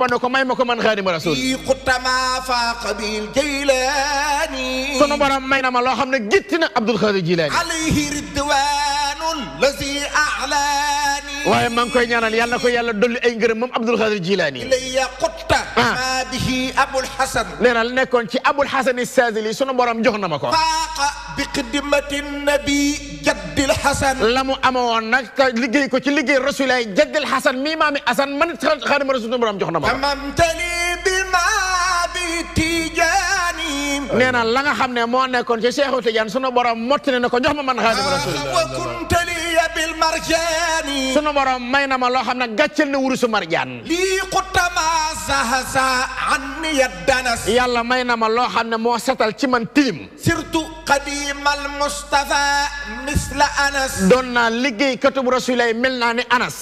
ba ne ko may ma ko man Xaadimu Rasuul sunu borom may na ma loo xam ne gétti na Abdul Xaadir Jilaani waye mang koy ñaanal yàlla ko yàlla dolli ay ngërëm mom Abdul Xaadir Jilaani ilayya qutta ma bihi Abul Hasan neral nekkon ci Abul Hasan as-sazili sunu borom jox na ma ko faaqa bi xidmati nabi jaddil Hasan lamu amawon nak nag liggéey ko ci liggéey rasulaay jaddil Hasan mi maami Hasan man khadim rasulun borom jox tamam tali bima bi tijani neral la nga xamne mo nekkon ci cheikhou tidiane sunu borom motti na ko jox ma man Xaadimu Rasuul sunu borom may na ma loo xam ne gàcceel na wurusu marjaan lii xutama zahaza an miyat danas yàlla may na ma loo xam ne moo setal ci man tilim surtout qadimal mustafa misla anas doon naa liggéey katub rasulay mel naa ni anas